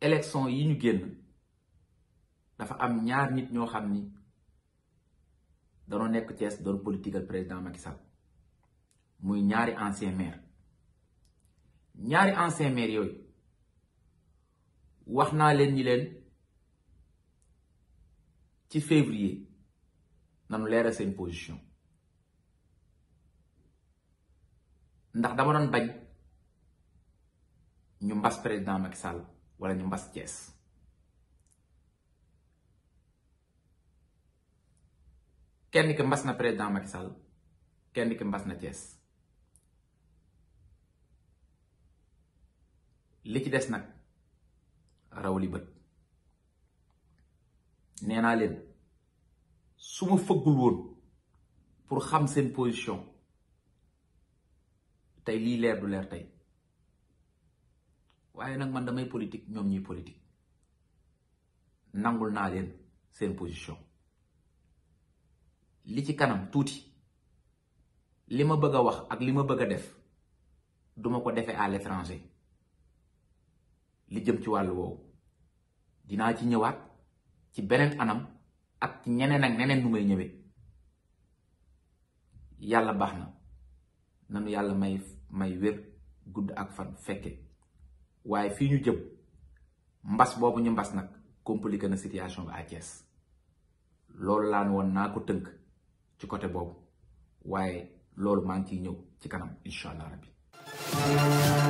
élection yi ñu génn dafa am ñaar nit ñoo xam ni danoo nekk Thiès doon politique président Macky muy ñaari ancien maire ñaari ancien maire yooyu wax naa leen ñi leen ci février nanu leeral seen position ndax dama doon bañ ñu mbas président Macky wala ñu mbas Cees kenn ki mbas na président Macky Sall kenn ki mbas na Cees li ci des nag raw li bët nee naa leen su ma fëggul woon pour xam seen position tey lii leer du leer tey waaye nag man damay politique ñoom ñuy politique nangul naa leen seen position li ci kanam tuuti li ma bëgg a wax ak li ma bëgg a def duma ko defee à l'étranger li jëm ci wàllu woowu dinaa ci ñëwaat ci beneen anam ak ñeneen ak neneen nu may ñëwee yàlla baax na nanu yàlla may may wér gudd ak fan fekke waaye fii ñu jëm mbas boobu ñu mbas nag compliqué na situation bi à Thiès loolu laan woon naa ko tënk ci côté boobu waaye loolu maa ngi ciy ñëw ci kanam incha allah rabbi